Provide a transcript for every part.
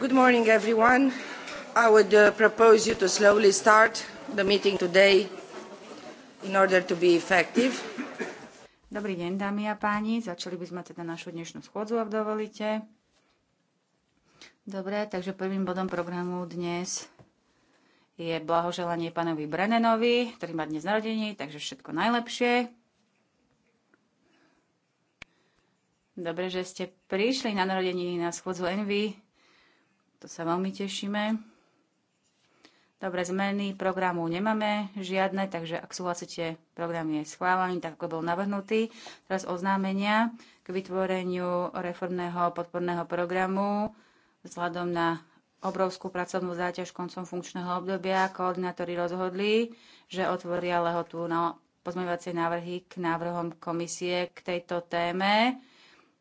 Good morning, everyone. I would uh, propose you to slowly start the meeting today in order to be effective. Dobrý deň, dámy a páni. Začali by sme teda našu dnešnú schôdzu, ak dovolíte. Dobre, takže prvým bodom programu dnes je blahoželanie pánovi Brennanovi, ktorý má dnes narodení, takže všetko najlepšie. Dobre, že ste prišli na narodeniny na schôdzu Envy. To sa veľmi tešíme. Dobre, zmeny programu nemáme žiadne, takže ak súhlasíte, program je schválený, tak ako bol navrhnutý. Teraz oznámenia k vytvoreniu reformného podporného programu vzhľadom na obrovskú pracovnú záťaž koncom funkčného obdobia koordinátori rozhodli, že otvoria lehotu na pozmeňovacie návrhy k návrhom komisie k tejto téme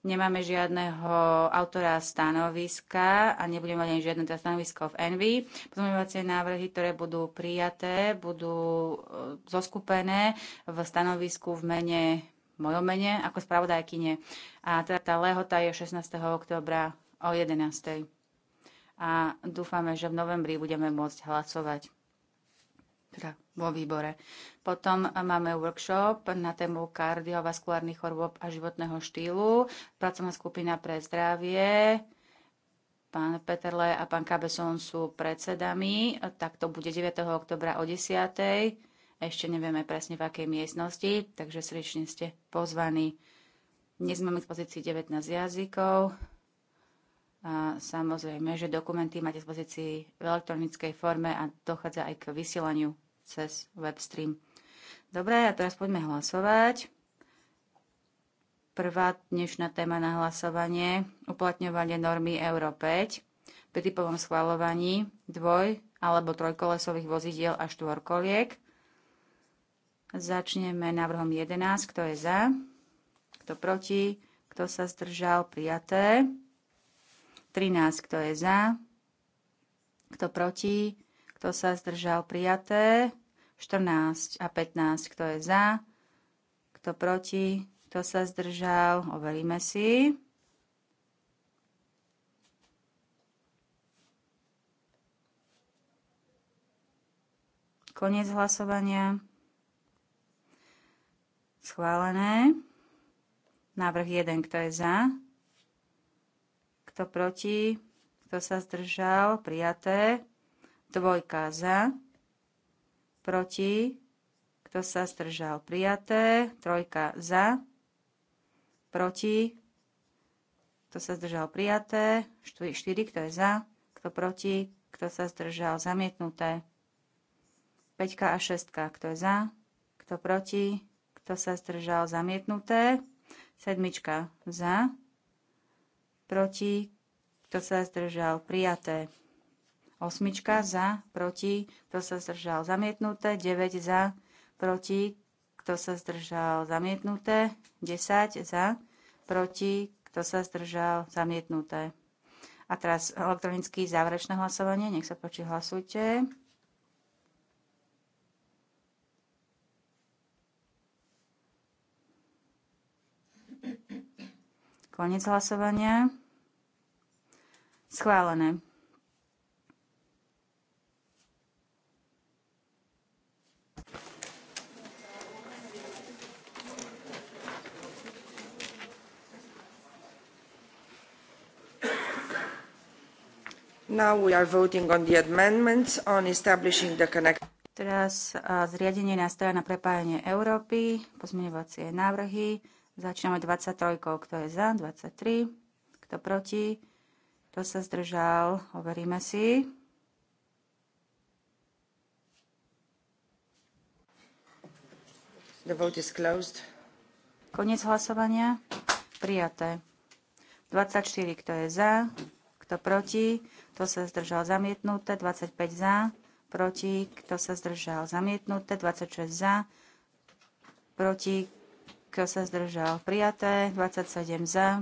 nemáme žiadneho autora stanoviska a nebudeme mať ani žiadne teda stanovisko v Envy. Pozmeňovacie návrhy, ktoré budú prijaté, budú e, zoskupené v stanovisku v mene mojom mene ako spravodajkyne. A teda tá lehota je 16. oktobra o 11. A dúfame, že v novembri budeme môcť hlasovať teda vo výbore. Potom máme workshop na tému kardiovaskulárnych chorôb a životného štýlu, pracovná skupina pre zdravie, pán Peterle a pán Kabeson sú predsedami, tak to bude 9. oktobra o 10. Ešte nevieme presne v akej miestnosti, takže srdečne ste pozvaní. Dnes máme k pozícii 19 jazykov. A samozrejme, že dokumenty máte v pozícii v elektronickej forme a dochádza aj k vysielaniu cez webstream. Dobre, a teraz poďme hlasovať. Prvá dnešná téma na hlasovanie, uplatňovanie normy Euro 5 pri typovom schvalovaní dvoj- alebo trojkolesových vozidiel a štvorkoliek. Začneme návrhom 11, kto je za, kto proti, kto sa zdržal, prijaté. 13, kto je za, kto proti, kto sa zdržal prijaté, 14 a 15, kto je za, kto proti, kto sa zdržal, overíme si. Koniec hlasovania. Schválené. Návrh 1, kto je za, kto proti? Kto sa zdržal? Prijaté. Dvojka za. Proti. Kto sa zdržal? Prijaté. Trojka za. Proti. Kto sa zdržal? Prijaté. štyri štyri, kto je za? Kto proti? Kto sa zdržal? Zamietnuté. Peťka a šestka, Kto je za? Kto proti? Kto sa zdržal? Zamietnuté. Sedmička za proti, kto sa zdržal, prijaté. Osmička za, proti, kto sa zdržal, zamietnuté. 9 za, proti, kto sa zdržal, zamietnuté. 10 za, proti, kto sa zdržal, zamietnuté. A teraz elektronicky záverečné hlasovanie. Nech sa páči, hlasujte. Konec hlasovania. Schválené. Now we are voting on the amendments on establishing the Teraz zriadenie nástroja na prepájanie Európy, pozmeňovacie návrhy. Začíname 23, kto je za, 23, kto proti, kto sa zdržal, overíme si. The vote is closed. Koniec hlasovania. Prijaté. 24, kto je za, kto proti, kto sa zdržal zamietnuté, 25 za, proti, kto sa zdržal zamietnuté, 26 za, proti, kto sa zdržal, prijaté. 27 za,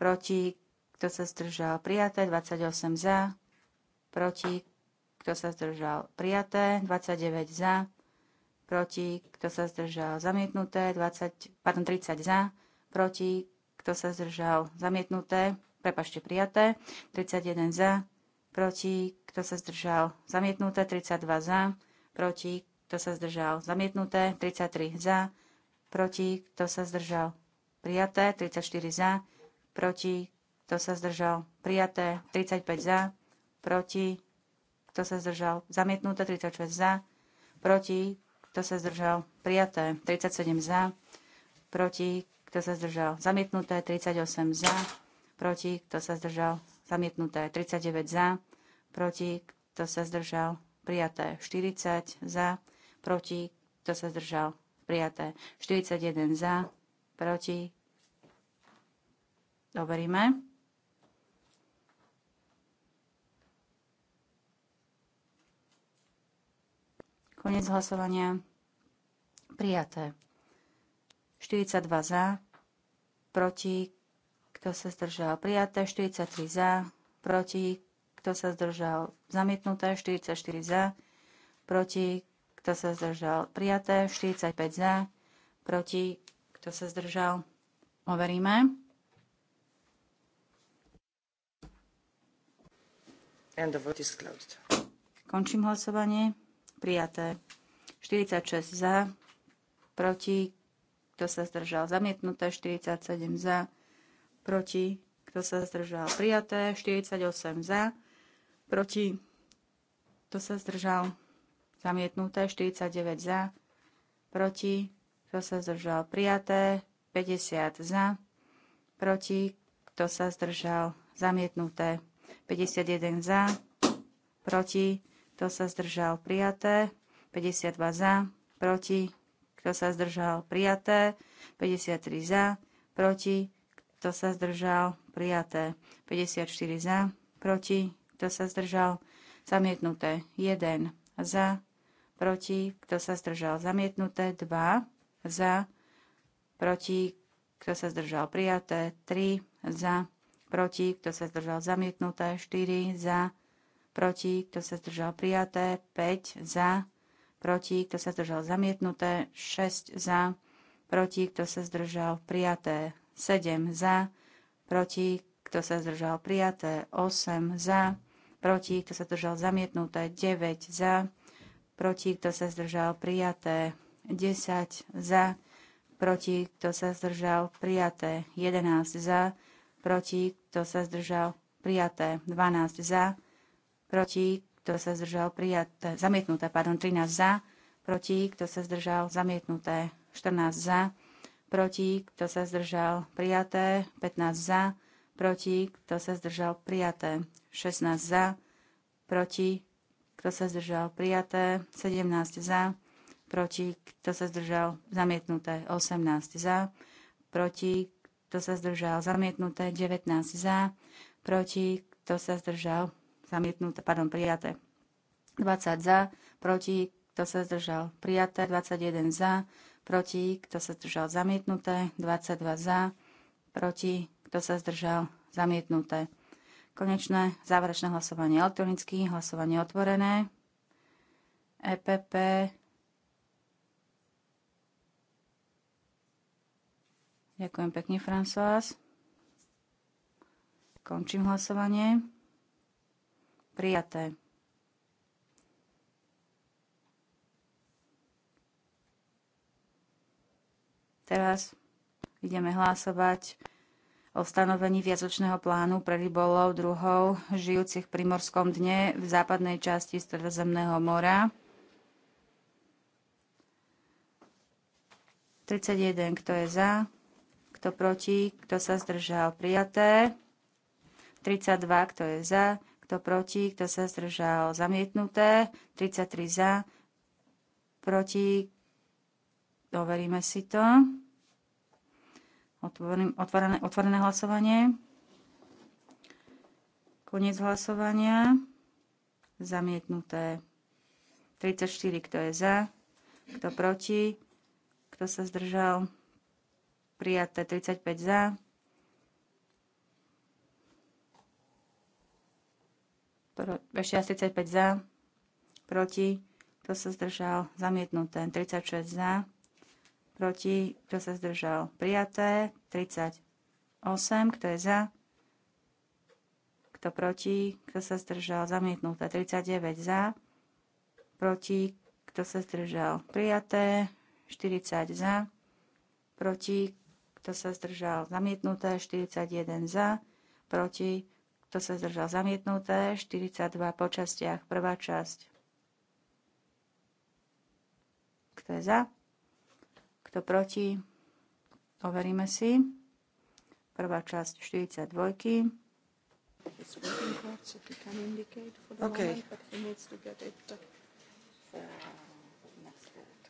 proti, kto sa zdržal, prijaté. 28 za, proti, kto sa zdržal, prijaté. 29 za, proti, kto sa zdržal, zamietnuté. 20, pardon, 30 za, proti, kto sa zdržal, zamietnuté. Prepašte, prijaté. 31 za, proti, kto sa zdržal, zamietnuté. 32 za, proti, kto sa zdržal, zamietnuté, 33 za, proti, kto sa zdržal. Prijaté 34 za, proti, kto sa zdržal. Prijaté 35 za, proti, kto sa zdržal. Zamietnuté 36 za, proti, kto sa zdržal. Prijaté 37 za, proti, kto sa zdržal. Zamietnuté 38 za, proti, kto sa zdržal. Zamietnuté 39 za, proti, kto sa zdržal. Prijaté 40 za, proti, kto sa zdržal prijaté. 41 za, proti, overíme. Konec hlasovania. Prijaté. 42 za, proti, kto sa zdržal. Prijaté. 43 za, proti, kto sa zdržal. Zamietnuté. 44 za, proti, kto sa zdržal. Prijaté 45 za, proti, kto sa zdržal. Overíme. And the vote is closed. Končím hlasovanie. Prijaté. 46 za, proti, kto sa zdržal. Zamietnuté 47 za, proti, kto sa zdržal. Prijaté 48 za, proti, kto sa zdržal zamietnuté, 49 za, proti, kto sa zdržal, prijaté, 50 za, proti, kto sa zdržal, zamietnuté, 51 za, proti, kto sa zdržal, prijaté, 52 za, proti, kto sa zdržal, prijaté, 53 za, proti, kto sa zdržal, prijaté, 54 za, proti, kto sa zdržal, zamietnuté, 1 za, proti, kto sa zdržal zamietnuté, 2 za, proti, kto sa zdržal prijaté, 3 za, proti, kto sa zdržal zamietnuté, 4 za, proti, kto sa zdržal prijaté, 5 za, proti, kto sa zdržal zamietnuté, 6 za, proti, kto sa zdržal prijaté, 7 za, proti, kto sa zdržal prijaté, 8 za, proti, kto sa zdržal zamietnuté, 9 za, proti, kto sa zdržal, prijaté. 10 za, proti, kto sa zdržal, prijaté. 11 za, proti, kto sa zdržal, prijaté. 12 za, proti, kto sa zdržal, prijaté. Zamietnuté, pardon, 13 za, proti, kto sa zdržal, zamietnuté. 14 za, proti, kto sa zdržal, prijaté. 15 za, proti, kto sa zdržal, prijaté. 16 za, proti, kto sa zdržal, prijaté, 17 za, proti, kto sa zdržal, zamietnuté, 18 za, proti, kto sa zdržal, zamietnuté, 19 za, proti, kto sa zdržal, zamietnuté, pardon, prijaté, 20 za, proti, kto sa zdržal, prijaté, 21 za, proti, kto sa zdržal, zamietnuté, 22 za, proti, kto sa zdržal, zamietnuté. Konečné záverečné hlasovanie elektronicky, hlasovanie otvorené. EPP. Ďakujem pekne, François. Končím hlasovanie. Prijaté. Teraz ideme hlasovať o stanovení viazočného plánu pre rybolov druhov žijúcich pri morskom dne v západnej časti Stredozemného mora. 31, kto je za, kto proti, kto sa zdržal, prijaté. 32, kto je za, kto proti, kto sa zdržal, zamietnuté. 33 za, proti, overíme si to. Otvorím, otvorené, otvorené hlasovanie. Koniec hlasovania. Zamietnuté. 34, kto je za, kto proti, kto sa zdržal. Prijaté 35 za. ešte 35 za, proti, kto sa zdržal, zamietnuté 36 za, proti, kto sa zdržal. Prijaté 38, kto je za, kto proti, kto sa zdržal. Zamietnuté 39 za, proti, kto sa zdržal. Prijaté 40 za, proti, kto sa zdržal. Zamietnuté 41 za, proti, kto sa zdržal. Zamietnuté 42 po častiach, prvá časť. Kto je za? Kto proti? Overíme si. Prvá časť 42. Okay.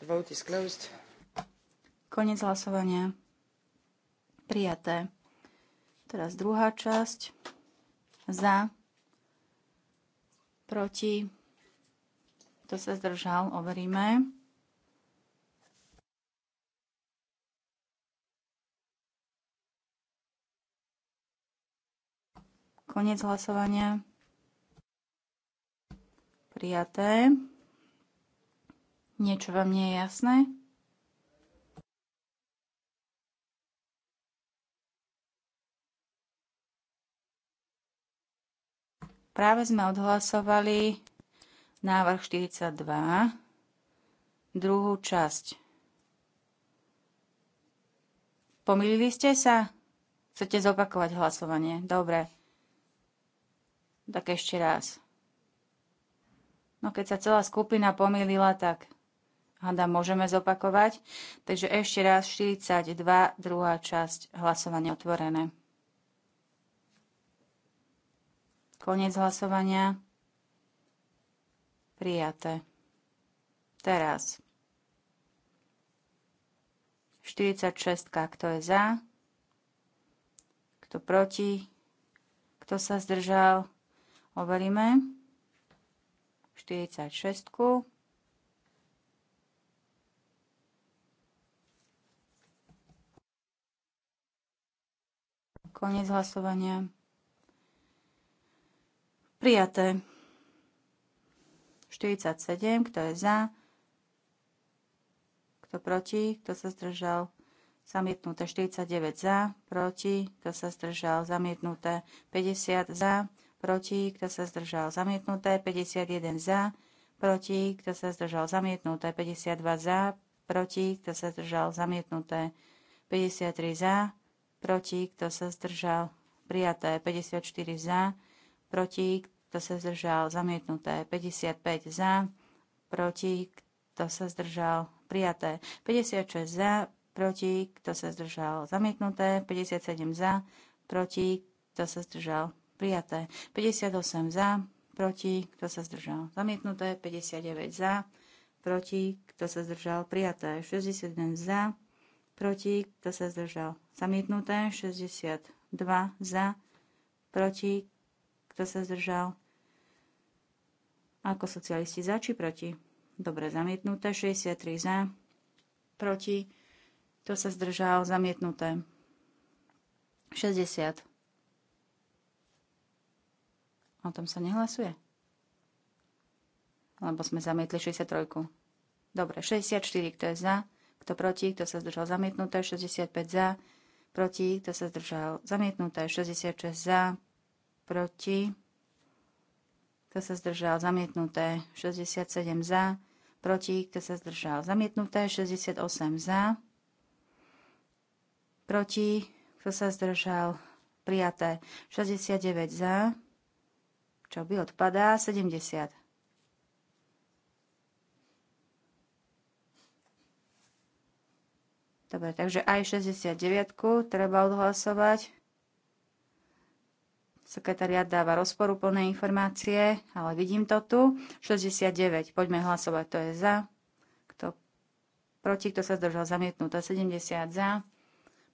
vote is closed. Konec hlasovania. Prijaté. Teraz druhá časť. Za. Proti. Kto sa zdržal, overíme. Koniec hlasovania. Prijaté. Niečo vám nie je jasné? Práve sme odhlasovali návrh 42, druhú časť. Pomýlili ste sa? Chcete zopakovať hlasovanie? Dobre. Tak ešte raz. No keď sa celá skupina pomýlila, tak hada môžeme zopakovať. Takže ešte raz 42, druhá časť, hlasovanie otvorené. Koniec hlasovania. Prijaté. Teraz. 46, kto je za, kto proti, kto sa zdržal, overíme. 46. -ku. Konec hlasovania. Prijaté. 47, kto je za, kto proti, kto sa zdržal, zamietnuté 49 za, proti, kto sa zdržal, zamietnuté 50 za, proti, kto sa zdržal zamietnuté, 51 za, proti, kto sa zdržal zamietnuté, 52 za, proti, kto sa zdržal zamietnuté, 53 za, proti, kto sa zdržal prijaté, 54 za, proti, kto sa zdržal zamietnuté, 55 za, proti, kto sa zdržal prijaté, 56 za, proti, kto sa zdržal zamietnuté, 57 za, proti, kto sa zdržal Prijaté. 58 za, proti, kto sa zdržal. Zamietnuté. 59 za, proti, kto sa zdržal. Prijaté. 61 za, proti, kto sa zdržal. Zamietnuté. 62 za, proti, kto sa zdržal. Ako socialisti za či proti? Dobre, zamietnuté. 63 za, proti, kto sa zdržal. Zamietnuté. 60 O tom sa nehlasuje? Lebo sme zamietli 63. Dobre, 64, kto je za, kto proti, kto sa zdržal zamietnuté, 65 za, proti, kto sa zdržal zamietnuté, 66 za, proti, kto sa zdržal zamietnuté, 67 za, proti, kto sa zdržal zamietnuté, 68 za, proti, kto sa zdržal prijaté, 69 za, čo by odpadá 70. Dobre, takže aj 69 treba odhlasovať. Sekretariat dáva rozporúplné informácie, ale vidím to tu. 69, poďme hlasovať, to je za. Kto proti, kto sa zdržal, zamietnuté. 70 za,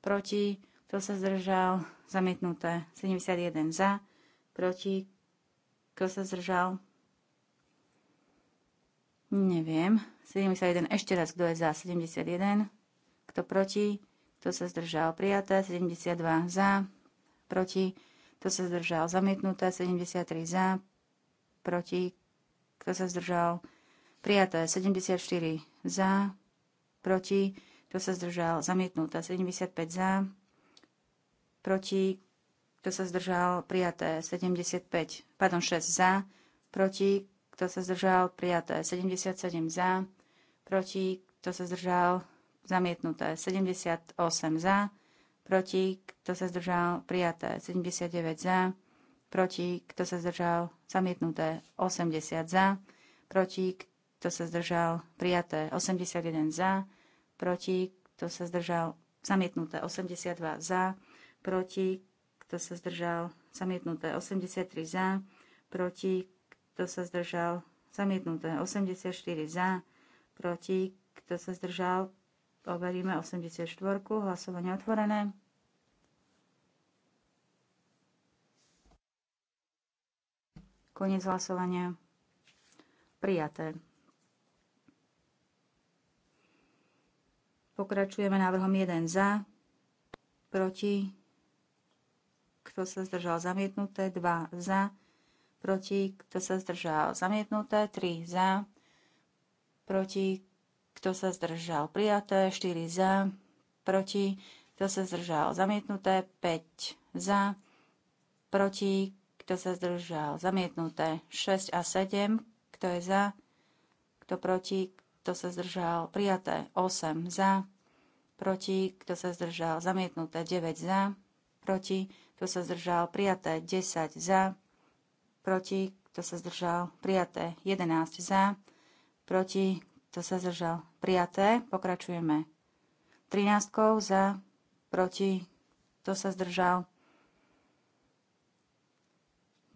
proti, kto sa zdržal, zamietnuté. 71 za, proti, kto sa zdržal? Neviem. 71. Ešte raz, kto je za? 71. Kto proti? Kto sa zdržal? Prijaté. 72 za. Proti. Kto sa zdržal? Zamietnuté. 73 za. Proti. Kto sa zdržal? Prijaté. 74 za. Proti. Kto sa zdržal? Zamietnuté. 75 za. Proti kto sa zdržal, prijaté 75, pardon, 6 za, proti, kto sa zdržal, prijaté 77 za, proti, kto sa zdržal, zamietnuté 78 za, proti, kto sa zdržal, prijaté 79 za, proti, kto sa zdržal, zamietnuté 80 za, proti, kto sa zdržal, prijaté 81 za, proti, kto sa zdržal, zamietnuté 82 za, proti, kto sa zdržal, zamietnuté 83 za, proti, kto sa zdržal, zamietnuté 84 za, proti, kto sa zdržal, overíme 84, hlasovanie otvorené. Koniec hlasovania. Prijaté. Pokračujeme návrhom 1 za, proti, kto sa zdržal zamietnuté, 2 za, proti, kto sa zdržal zamietnuté, 3 za, proti, kto sa zdržal prijaté, 4 za, proti, kto sa zdržal zamietnuté, 5 za, proti, kto sa zdržal zamietnuté, 6 a 7, kto je za, kto proti, kto sa zdržal prijaté, 8 za, proti, kto sa zdržal zamietnuté, 9 za, proti, kto sa zdržal, prijaté 10 za, proti, kto sa zdržal, prijaté 11 za, proti, kto sa zdržal, prijaté, pokračujeme 13 za, proti, kto sa zdržal,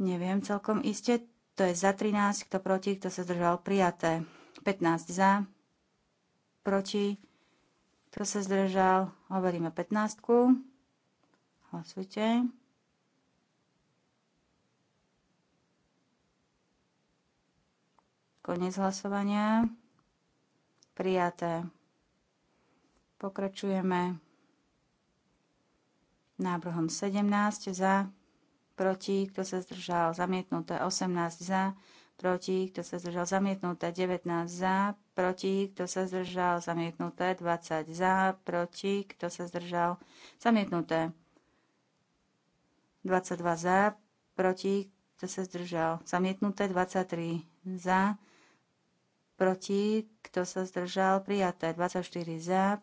neviem celkom iste, to je za 13, kto proti, kto sa zdržal, prijaté 15 za, proti, kto sa zdržal, hovoríme 15. Hlasujte. Konec hlasovania. Prijaté. Pokračujeme návrhom 17 za, proti, kto sa zdržal, zamietnuté 18 za, proti, kto sa zdržal, zamietnuté 19 za, proti, kto sa zdržal, zamietnuté 20 za, proti, kto sa zdržal, zamietnuté 22 za, proti, kto sa zdržal. Zamietnuté 23 za, proti, kto sa zdržal. Prijaté 24 za,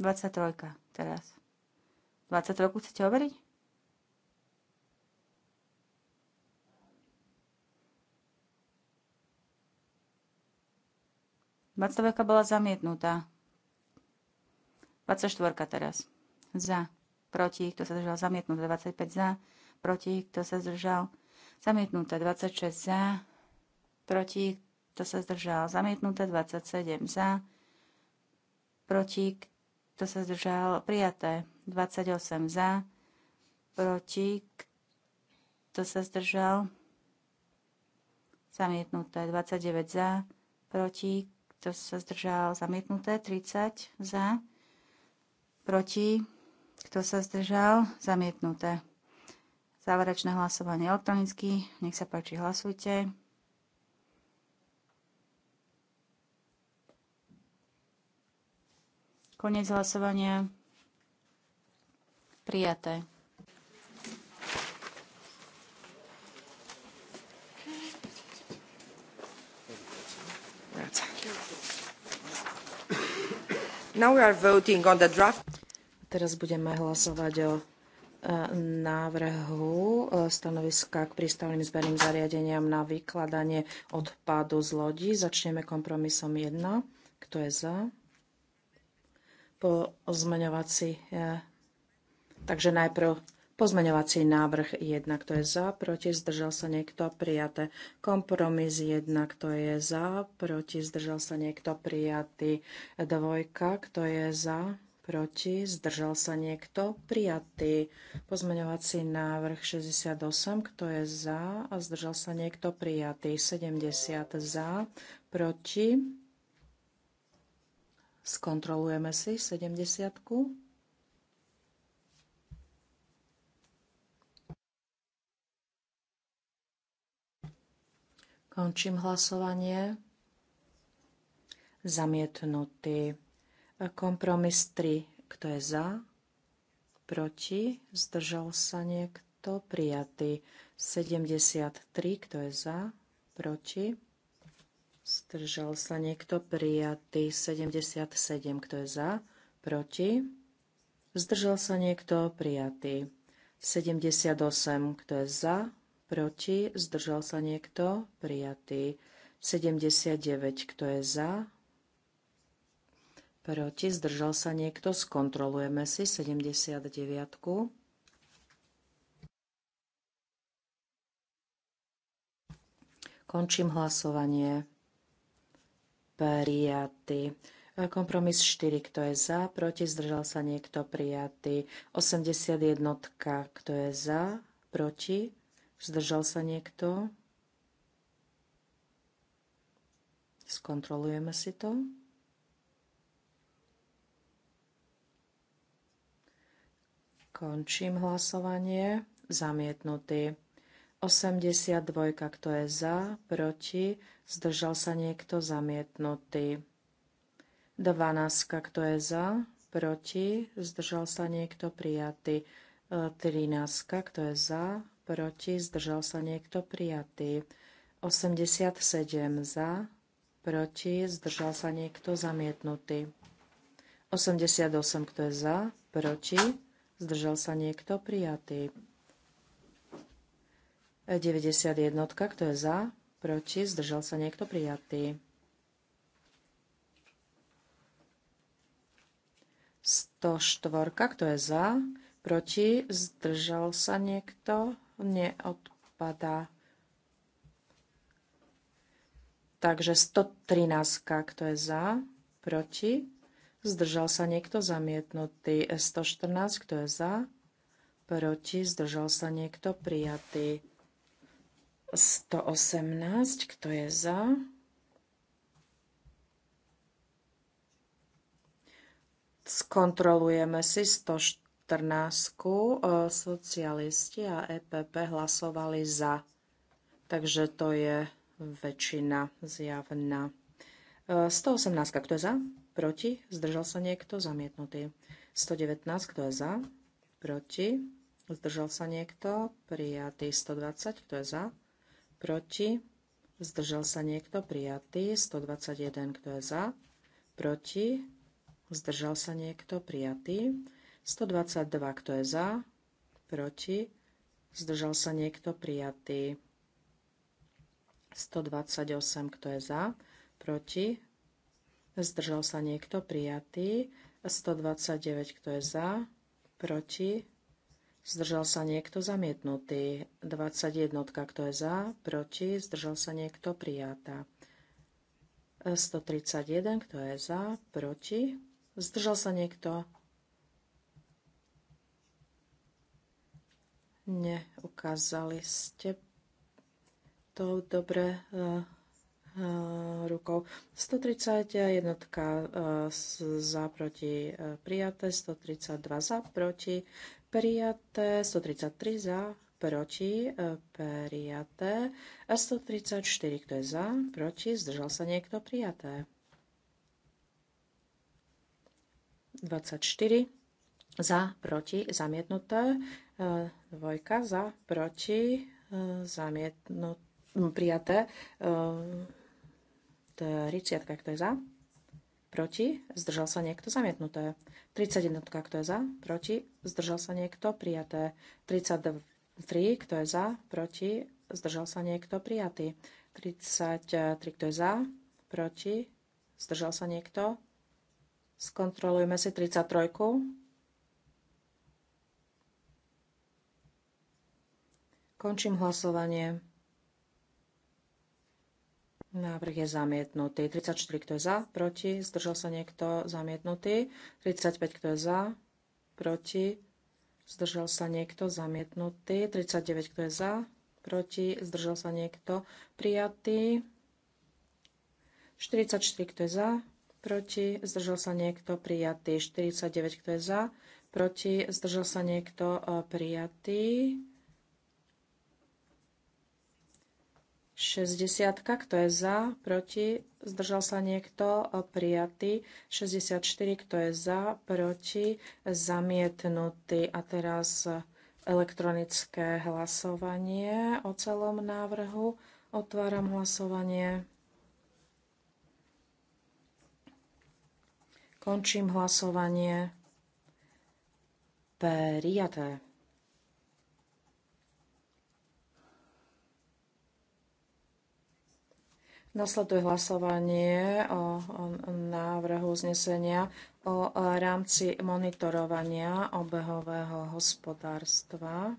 Dvadsať trojka teraz. trojku chcete overiť? Dvadsať bola zamietnutá. 24 teraz. Za. Proti, kto sa zdržal zamietnuté. 25 za. Proti, kto sa zdržal zamietnuté. 26 za. Proti, kto sa zdržal zamietnuté. 27 za. Proti, kto sa zdržal prijaté. 28 za. Proti, kto sa zdržal zamietnuté. 29 za. Proti, kto sa zdržal zamietnuté. 30 za proti, kto sa zdržal, zamietnuté. Záverečné hlasovanie elektronicky, nech sa páči, hlasujte. Koniec hlasovania. Prijaté. Now we are voting on the draft. Teraz budeme hlasovať o e, návrhu e, stanoviska k prístavným zberným zariadeniam na vykladanie odpadu z lodí. Začneme kompromisom 1. Kto je za? Pozmeňovací. E, takže najprv pozmeňovací návrh 1. Kto je za? Proti? Zdržal sa niekto? Prijaté. Kompromis 1. Kto je za? Proti? Zdržal sa niekto? Prijatý. Dvojka. Kto je za? proti, zdržal sa niekto, prijatý. Pozmeňovací návrh 68, kto je za a zdržal sa niekto, prijatý. 70 za, proti. Skontrolujeme si 70. Končím hlasovanie. Zamietnutý. Kompromis 3. Kto je za? Proti? Zdržal sa niekto? Prijatý. 73. Kto je za? Proti? Zdržal sa niekto? Prijatý. 77. Kto je za? Proti? Zdržal sa niekto? Prijatý. 78. Kto je za? Proti? Zdržal sa niekto? Prijatý. 79. Kto je za? Proti zdržal sa niekto. Skontrolujeme si 79. Končím hlasovanie. Prijatý. Kompromis 4, kto je za, proti, zdržal sa niekto, prijatý. 81, kto je za, proti, zdržal sa niekto. Skontrolujeme si to. Končím hlasovanie. Zamietnutý. 82, kto je za, proti, zdržal sa niekto zamietnutý. 12, kto je za, proti, zdržal sa niekto prijatý. 13, e, kto je za, proti, zdržal sa niekto prijatý. 87 za, proti, zdržal sa niekto zamietnutý. 88, kto je za, proti, Zdržal sa niekto? Prijatý. 91. E, kto je za? Proti? Zdržal sa niekto? Prijatý. 104. Kto je za? Proti? Zdržal sa niekto? Neodpadá. Takže 113. Kto je za? Proti? Zdržal sa niekto zamietnutý. 114, kto je za? Proti. Zdržal sa niekto prijatý. 118, kto je za? Skontrolujeme si 114. E, socialisti a EPP hlasovali za. Takže to je väčšina zjavná. 118, e, kto je za? Proti? Zdržal sa niekto? Zamietnutý. 119. Kto je za? Proti? Zdržal sa niekto? Prijatý. 120. Kto je za? Proti? Zdržal sa niekto? Prijatý. 121. Kto je za? Proti? Zdržal sa niekto? Prijatý. 122. Kto je za? Proti? Zdržal sa niekto? Prijatý. 128. Kto je za? Proti? Zdržal sa niekto prijatý. 129, kto je za, proti. Zdržal sa niekto zamietnutý. 21, kto je za, proti. Zdržal sa niekto prijatá. 131, kto je za, proti. Zdržal sa niekto? Neukázali ste to dobre. Uh, rukou. 130 eh, jednotka eh, eh, za proti prijaté, 132 za proti prijaté, 133 za proti prijaté, a 134 kto je za, proti, zdržal sa niekto prijaté. 24 za, proti, zamietnuté, dvojka za, proti, zamietnuté, prijaté, 30, kto je za? Proti? Zdržal sa niekto? Zamietnuté. 31, kto je za? Proti? Zdržal sa niekto? Prijaté. 33, kto je za? Proti? Zdržal sa niekto? Prijatý. 33, kto je za? Proti? Zdržal sa niekto? Skontrolujme si 33. Končím hlasovanie. Návrh je zamietnutý. 34, kto je za, proti, zdržal sa niekto, zamietnutý. 35, kto je za, proti, zdržal sa niekto, zamietnutý. 39, kto je za, proti, zdržal sa niekto, prijatý. 44, kto je za, proti, zdržal sa niekto, prijatý. 49, kto je za, proti, zdržal sa niekto, e, prijatý. 60, kto je za, proti, zdržal sa niekto, prijatý. 64, kto je za, proti, zamietnutý. A teraz elektronické hlasovanie o celom návrhu. Otváram hlasovanie. Končím hlasovanie. Prijaté. Nasleduje hlasovanie o, návrhu uznesenia o rámci monitorovania obehového hospodárstva.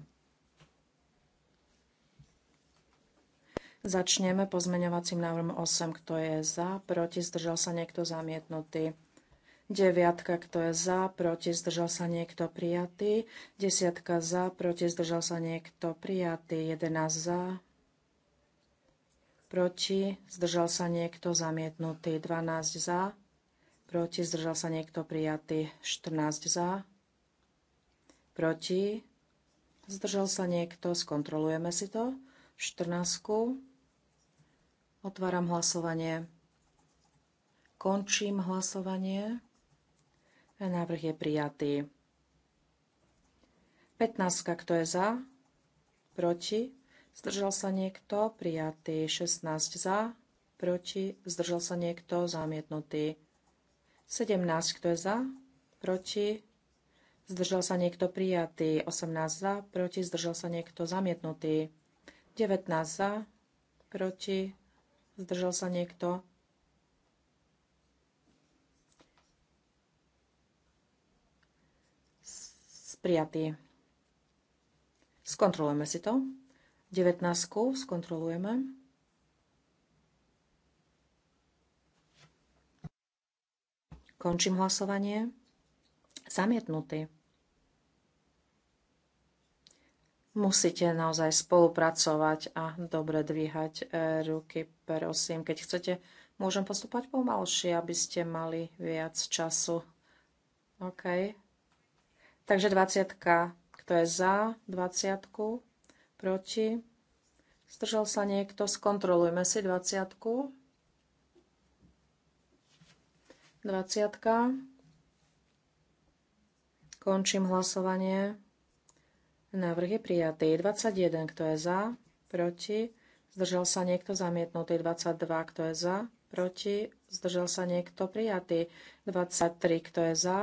Začneme pozmeňovacím návrhom 8, kto je za, proti, zdržal sa niekto zamietnutý. Deviatka, kto je za, proti, zdržal sa niekto prijatý. Desiatka za, proti, zdržal sa niekto prijatý. 11, za, proti, zdržal sa niekto zamietnutý, 12 za, proti, zdržal sa niekto prijatý, 14 za, proti, zdržal sa niekto, skontrolujeme si to, 14. Otváram hlasovanie. Končím hlasovanie. Návrh je prijatý. 15. Kto je za? Proti? Zdržal sa niekto? Prijatý. 16 za. Proti. Zdržal sa niekto? Zamietnutý. 17. Kto je za? Proti. Zdržal sa niekto? Prijatý. 18 za. Proti. Zdržal sa niekto? Zamietnutý. 19 za. Proti. Zdržal sa niekto? Prijatý. Skontrolujeme si to. 19. Skontrolujeme. Končím hlasovanie. Zamietnutý. Musíte naozaj spolupracovať a dobre dvíhať e, ruky, prosím. Keď chcete, môžem postupovať pomalšie, aby ste mali viac času. OK. Takže 20. Kto je za 20? Proti? Zdržal sa niekto? Skontrolujme si 20. 20. Končím hlasovanie. Návrh je prijatý. 21, kto je za, proti. Zdržal sa niekto zamietnutý. 22, kto je za, proti. Zdržal sa niekto prijatý. 23, kto je za,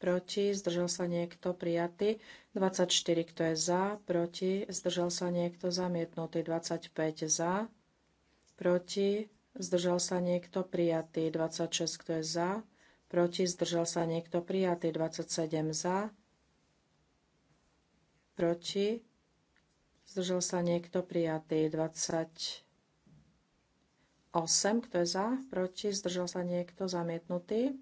proti, zdržal sa niekto prijatý, 24, kto je za, proti, zdržal sa niekto zamietnutý, 25 za, proti, zdržal sa niekto prijatý, 26, kto je za, proti, zdržal sa niekto prijatý, 27 za, proti, zdržal sa niekto prijatý, 28, kto je za, proti, zdržal sa niekto zamietnutý,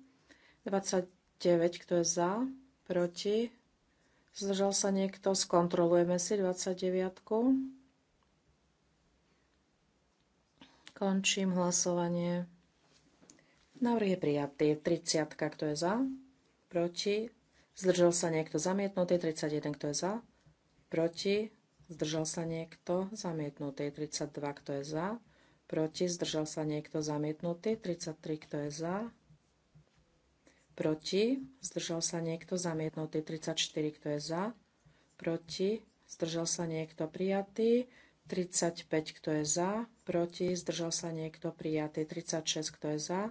9, kto je za, proti, zdržal sa niekto, skontrolujeme si 29. Končím hlasovanie. Návrh je prijatý. 30, kto je za, proti, zdržal sa niekto, zamietnutý, 31, kto je za, proti, zdržal sa niekto, zamietnutý, 32, kto je za, proti, zdržal sa niekto, zamietnutý, 33, kto je za, proti, zdržal sa niekto zamietnutý, 34, kto je za, proti, zdržal sa niekto prijatý, 35, kto je za, proti, zdržal sa niekto prijatý, 36, kto je za,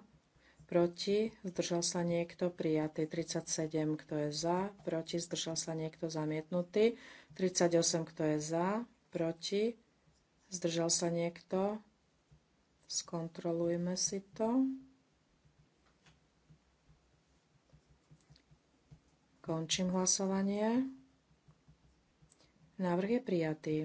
proti, zdržal sa niekto prijatý, 37, kto je za, proti, zdržal sa niekto zamietnutý, 38, kto je za, proti, zdržal sa niekto, skontrolujme si to. Končím hlasovanie. Návrh je prijatý.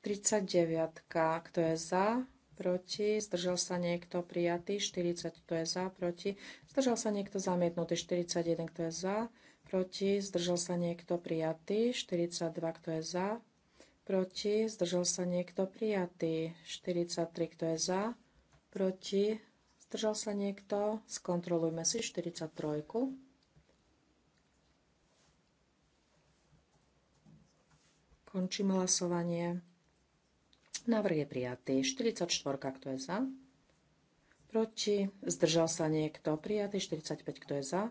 39. Kto je za? Proti. Zdržal sa niekto prijatý. 40. Kto je za? Proti. Zdržal sa niekto zamietnutý. 41. Kto je za? Proti. Zdržal sa niekto prijatý. 42. Kto je za? Proti. Zdržal sa niekto prijatý. 43. Kto je za? Proti. Zdržal sa niekto? Skontrolujme si 43. Končím hlasovanie. Návrh je prijatý. 44. Kto je za? Proti. Zdržal sa niekto? Prijatý. 45. Kto je za?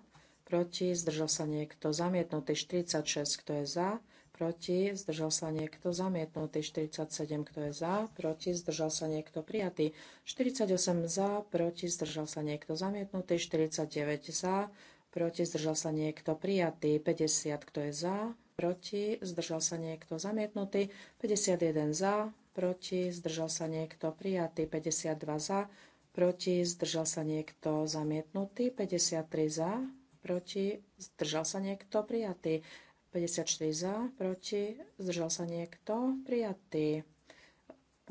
Proti. Zdržal sa niekto? Zamietnutý. 46. Kto je za? proti, zdržal sa niekto zamietnutý, 47, kto je za, proti, zdržal sa niekto prijatý, 48 za, proti, zdržal sa niekto zamietnutý, 49 za, proti, zdržal sa niekto prijatý, 50, kto je za, proti, zdržal sa niekto zamietnutý, 51 za, proti, zdržal sa niekto prijatý, 52 za, proti, zdržal sa niekto zamietnutý, 53 za, proti, zdržal sa niekto prijatý, 54 za, proti, zdržal sa niekto, prijatý.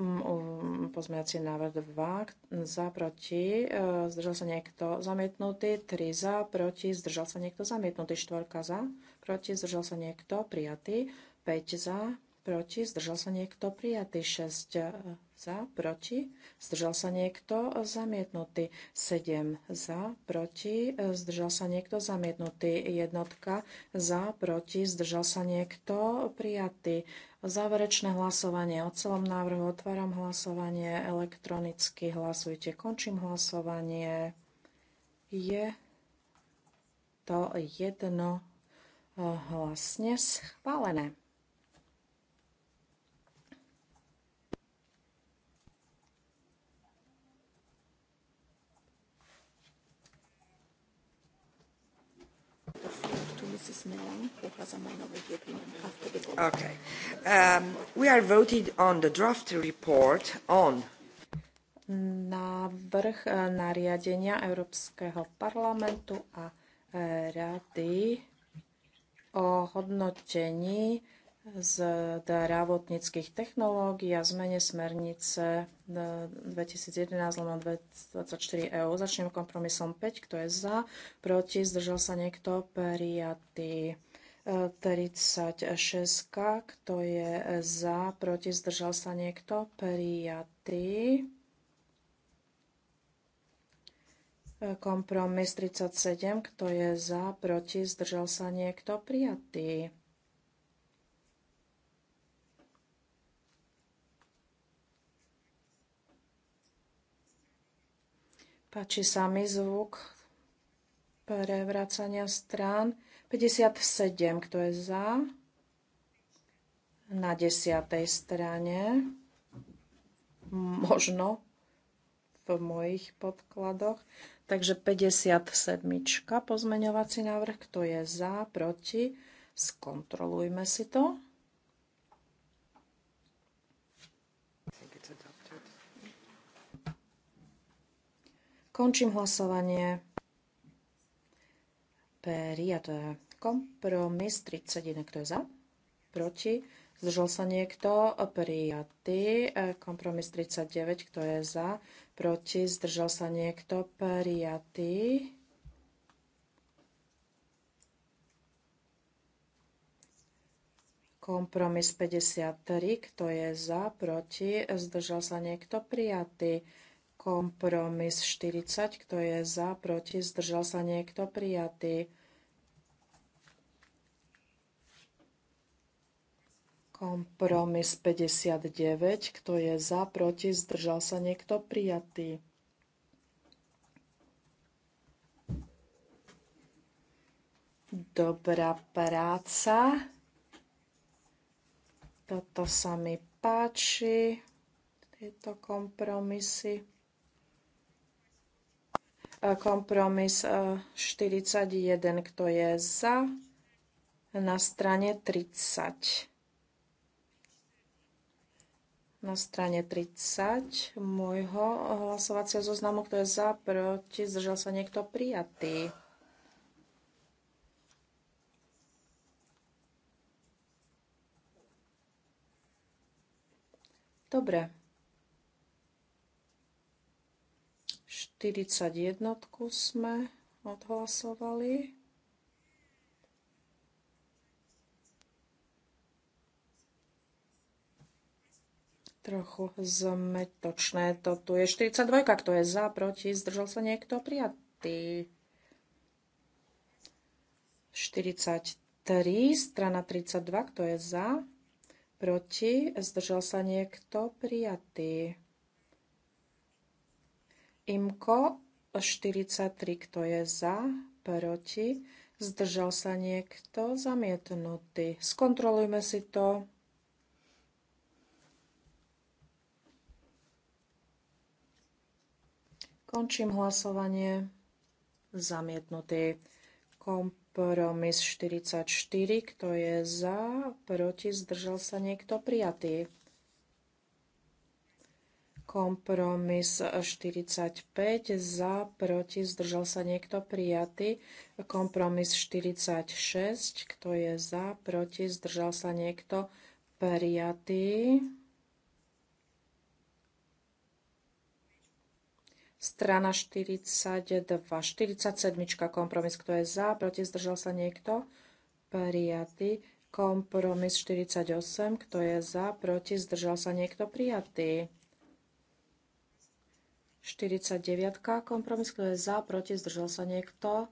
Mm, Pozmeňací návrh 2, e, za, proti, zdržal sa niekto, zamietnutý, 3 za, proti, zdržal sa niekto, zamietnutý, 4 za, proti, zdržal sa niekto, prijatý, 5 za, proti, zdržal sa niekto, prijatý, 6 za, proti, zdržal sa niekto, e, zamietnutý. 7 za, proti, e, zdržal sa niekto, zamietnutý. Jednotka za, proti, zdržal sa niekto, prijatý. Záverečné hlasovanie o celom návrhu. Otváram hlasovanie elektronicky. Hlasujte. Končím hlasovanie. Je to jedno e, hlasne schválené. Mrs. who has a minority opinion after the vote. Okay. Um, we are voted on the draft report on návrh eh, nariadenia Európskeho parlamentu a eh, rady o hodnotení zdravotníckých teda technológií a zmene smernice 2011-24 EU. Začnem kompromisom 5, kto je za, proti, zdržal sa niekto, prijatý. 36, e, kto je za, proti, zdržal sa niekto, prijatý. E, kompromis 37, kto je za, proti, zdržal sa niekto, prijatý. Páči sa mi zvuk prevracania strán. 57, kto je za? Na desiatej strane. Možno v mojich podkladoch. Takže 57. pozmeňovací návrh, kto je za, proti. Skontrolujme si to. Končím hlasovanie. je Kompromis 31. Kto je za? Proti? Zdržal sa niekto? Prijatý. Kompromis 39. Kto je za? Proti? Zdržal sa niekto? Prijatý. Kompromis 53. Kto je za? Proti? Zdržal sa niekto? Prijatý. Kompromis 40, kto je za, proti, zdržal sa niekto prijatý. Kompromis 59, kto je za, proti, zdržal sa niekto prijatý. Dobrá práca. Toto sa mi páči, tieto kompromisy kompromis 41, e, kto je za, na strane 30. Na strane 30 môjho hlasovacieho zoznamu, kto je za, proti, zdržal sa niekto prijatý. Dobre. 41 sme odhlasovali. Trochu zmetočné to tu je. 42, kto je za, proti, zdržal sa niekto prijatý. 43, strana 32, kto je za, proti, zdržal sa niekto prijatý. Imko 43, kto je za, proti, zdržal sa niekto, zamietnutý. Skontrolujme si to. Končím hlasovanie. Zamietnutý kompromis 44, kto je za, proti, zdržal sa niekto, prijatý. Kompromis 45 za, proti, zdržal sa niekto prijatý. Kompromis 46, kto je za, proti, zdržal sa niekto prijatý. Strana 42, 47, kompromis, kto je za, proti, zdržal sa niekto prijatý. Kompromis 48, kto je za, proti, zdržal sa niekto prijatý. 49. Kompromis, kto je za, proti, zdržal sa niekto.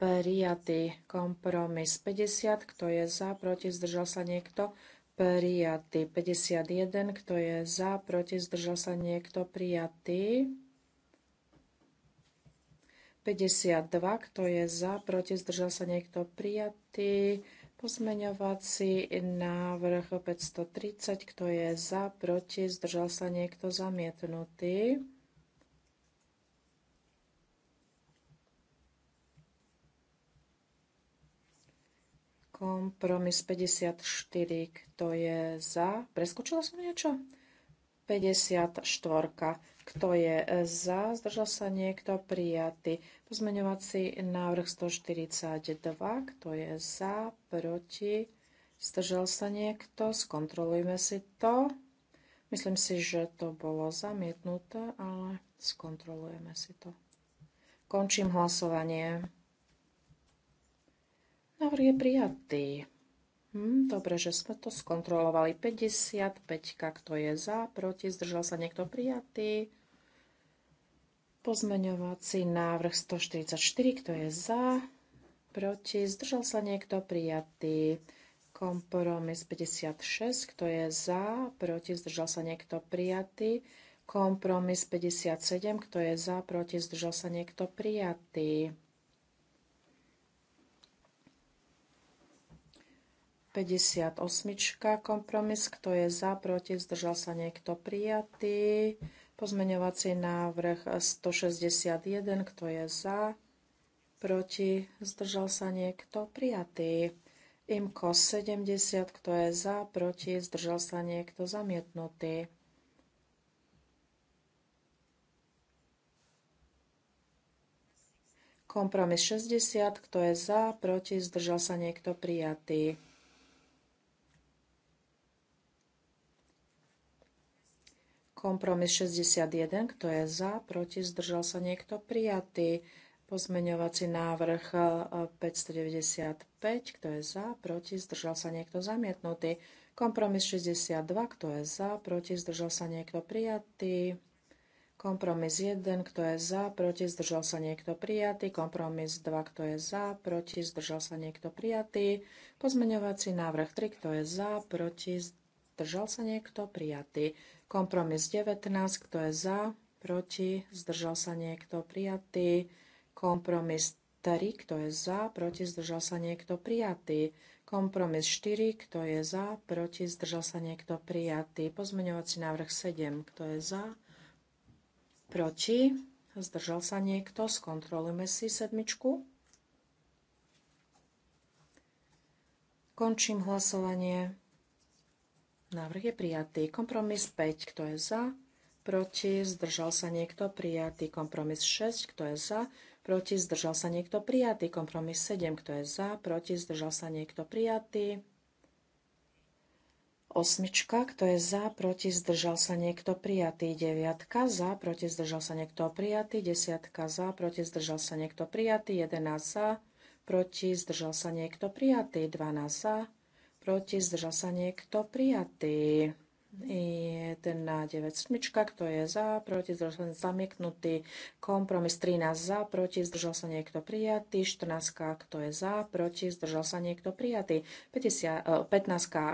Prijatý kompromis 50, kto je za, proti, zdržal sa niekto. Prijatý 51, kto je za, proti, zdržal sa niekto. Prijatý 52, kto je za, proti, zdržal sa niekto. Prijatý pozmeňovací návrh 530, kto je za, proti, zdržal sa niekto. Zamietnutý. Kompromis 54, kto je za? Preskočila som niečo? 54. Kto je za? Zdržal sa niekto? Prijatý. Pozmeňovací návrh 142. Kto je za? Proti? Zdržal sa niekto? Skontrolujme si to. Myslím si, že to bolo zamietnuté, ale skontrolujeme si to. Končím hlasovanie. Návrh je prijatý. Hm, dobre, že sme to skontrolovali. 55, kto je za, proti, zdržal sa niekto prijatý. Pozmeňovací návrh 144, kto je za, proti, zdržal sa niekto prijatý. Kompromis 56, kto je za, proti, zdržal sa niekto prijatý. Kompromis 57, kto je za, proti, zdržal sa niekto prijatý. 58. kompromis, kto je za, proti, zdržal sa niekto prijatý. Pozmeňovací návrh 161, kto je za, proti, zdržal sa niekto prijatý. Imko 70, kto je za, proti, zdržal sa niekto zamietnutý. Kompromis 60, kto je za, proti, zdržal sa niekto prijatý. Kompromis 61, kto je za, proti, zdržal sa niekto prijatý. Pozmeňovací návrh 595, e, kto je za, proti, zdržal sa niekto zamietnutý. Kompromis 62, kto je za, proti, zdržal sa niekto prijatý. Kompromis 1, kto je za, proti, zdržal sa niekto prijatý. Kompromis 2, kto je za, proti, zdržal sa niekto prijatý. Pozmeňovací návrh 3, kto je za, proti, zdržal Zdržal sa niekto? Prijatý. Kompromis 19. Kto je za? Proti? Zdržal sa niekto? Prijatý. Kompromis 3. Kto je za? Proti? Zdržal sa niekto? Prijatý. Kompromis 4. Kto je za? Proti? Zdržal sa niekto? Prijatý. Pozmeňovací návrh 7. Kto je za? Proti? Zdržal sa niekto? Skontrolujme si sedmičku. Končím hlasovanie. Návrh je prijatý. Kompromis 5. Kto je za? Proti? Zdržal sa niekto? Prijatý. Kompromis 6. Kto je za? Proti? Zdržal sa niekto? Prijatý. Kompromis 7. Kto je za? Proti? Zdržal sa niekto? Prijatý. Osmička, kto je za, proti, zdržal sa niekto prijatý. Deviatka, za, proti, zdržal sa niekto prijatý. Desiatka, za, proti, zdržal sa niekto prijatý. Jedenáct, za, proti, zdržal sa niekto prijatý. Dvanáct, za, proti, zdržal sa niekto, prijatý. Je ten na 9, 7, kto je za, proti, zdržal sa zamieknutý, kompromis 13 za, proti, zdržal sa niekto prijatý, 14, kto je za, proti, zdržal sa niekto prijatý, 15 e,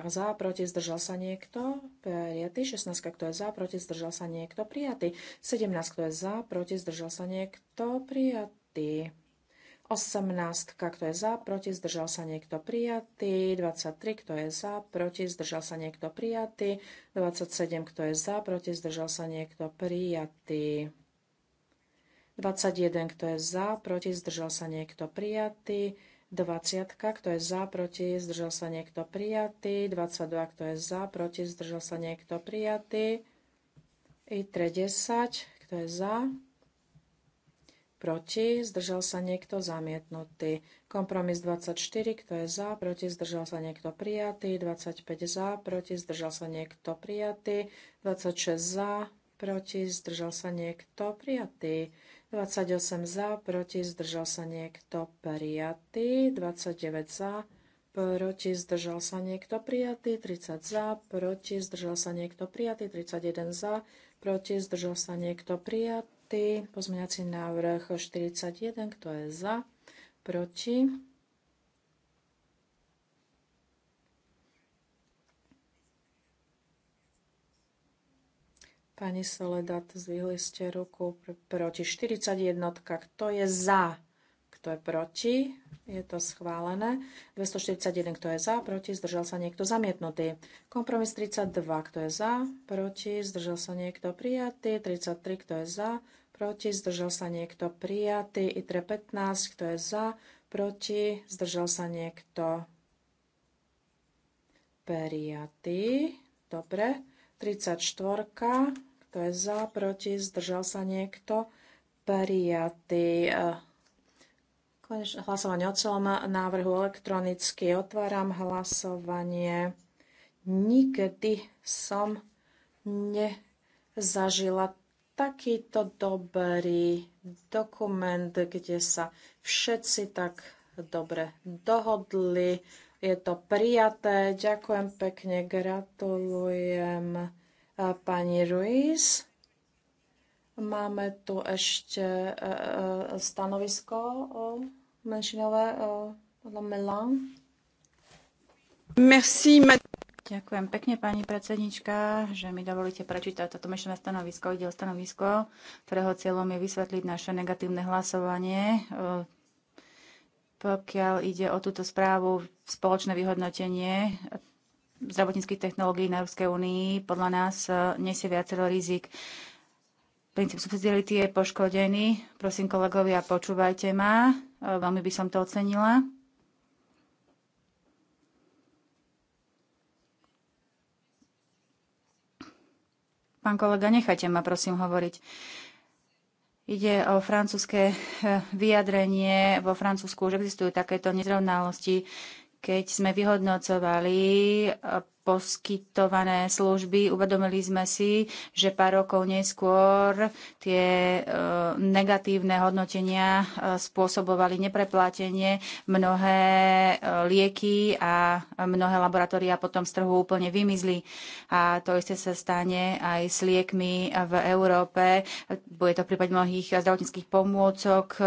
za, proti, zdržal sa niekto prijatý, 16, kto je za, proti, zdržal sa niekto prijatý, 17, kto je za, proti, zdržal sa niekto prijatý. 18, kto je za, proti, zdržal sa niekto prijatý. 23, kto je za, proti, zdržal sa niekto prijatý. 27, kto je za, proti, zdržal sa niekto prijatý. 21, kto je za, proti, zdržal sa niekto prijatý. 20, kto je za, proti, zdržal sa niekto prijatý. 22, kto je za, proti, zdržal sa niekto prijatý. I 30, kto je za, proti, zdržal sa niekto zamietnutý. Kompromis 24, kto je za, proti, zdržal sa niekto prijatý. 25 za, proti, zdržal sa niekto prijatý. 26 za, proti, zdržal sa niekto prijatý. 28 za, proti, zdržal sa niekto prijatý. 29 za, proti, zdržal sa niekto prijatý. 30 za, proti, zdržal sa niekto prijatý. 31 za, proti, zdržal sa niekto prijatý prijatý. Pozmeňací návrh 41, kto je za, proti. Pani Soledad, zvihli ste ruku pr- proti 41, kto je za, kto je proti, je to schválené. 241, kto je za, proti, zdržal sa niekto zamietnutý. Kompromis 32, kto je za, proti, zdržal sa niekto prijatý. 33, kto je za, proti, zdržal sa niekto prijatý, ITRE 15, kto je za, proti, zdržal sa niekto prijatý, dobre, 34, kto je za, proti, zdržal sa niekto prijatý. Konečné hlasovanie o celom návrhu elektronicky. Otváram hlasovanie. Nikdy som nezažila takýto dobrý dokument, kde sa všetci tak dobre dohodli. Je to prijaté. Ďakujem pekne, gratulujem pani Ruiz. Máme tu ešte e, e, stanovisko menšinové podľa Merci, madame. Ďakujem pekne, pani predsednička, že mi dovolíte prečítať toto mešané stanovisko. Ide o stanovisko, ktorého cieľom je vysvetliť naše negatívne hlasovanie. E, pokiaľ ide o túto správu, spoločné vyhodnotenie zdravotníckých technológií na Európskej únii podľa nás e, nesie viacero rizik. Princíp subsidiarity je poškodený. Prosím, kolegovia, počúvajte ma. E, veľmi by som to ocenila. Pán kolega, nechajte ma prosím hovoriť. Ide o francúzske eh, vyjadrenie. Vo Francúzsku už existujú takéto nezrovnalosti. Keď sme vyhodnocovali eh, poskytované služby. Uvedomili sme si, že pár rokov neskôr tie e, negatívne hodnotenia e, spôsobovali nepreplatenie. Mnohé e, lieky a mnohé laboratória potom z trhu úplne vymizli. A to isté sa stane aj s liekmi v Európe. Bude to prípad mnohých zdravotníckých pomôcok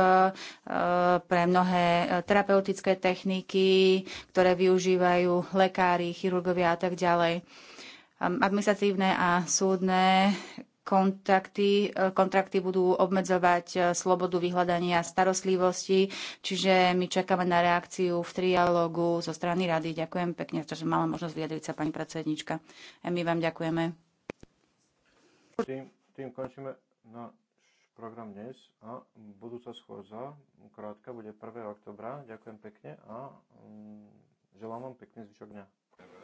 pre mnohé terapeutické techniky, ktoré využívajú lekári, chirurgovia a tak tak ďalej. Administratívne a súdne kontakty, e, kontrakty budú obmedzovať e, slobodu vyhľadania starostlivosti, čiže my čakáme na reakciu v trialógu zo strany rady. Ďakujem pekne, že mala možnosť vyjadriť sa pani predsednička. A my vám ďakujeme. Tým, tým končíme náš program dnes a budúca schôdza, krátka, bude 1. oktobra. Ďakujem pekne a mm, želám vám pekný zvyšok dňa.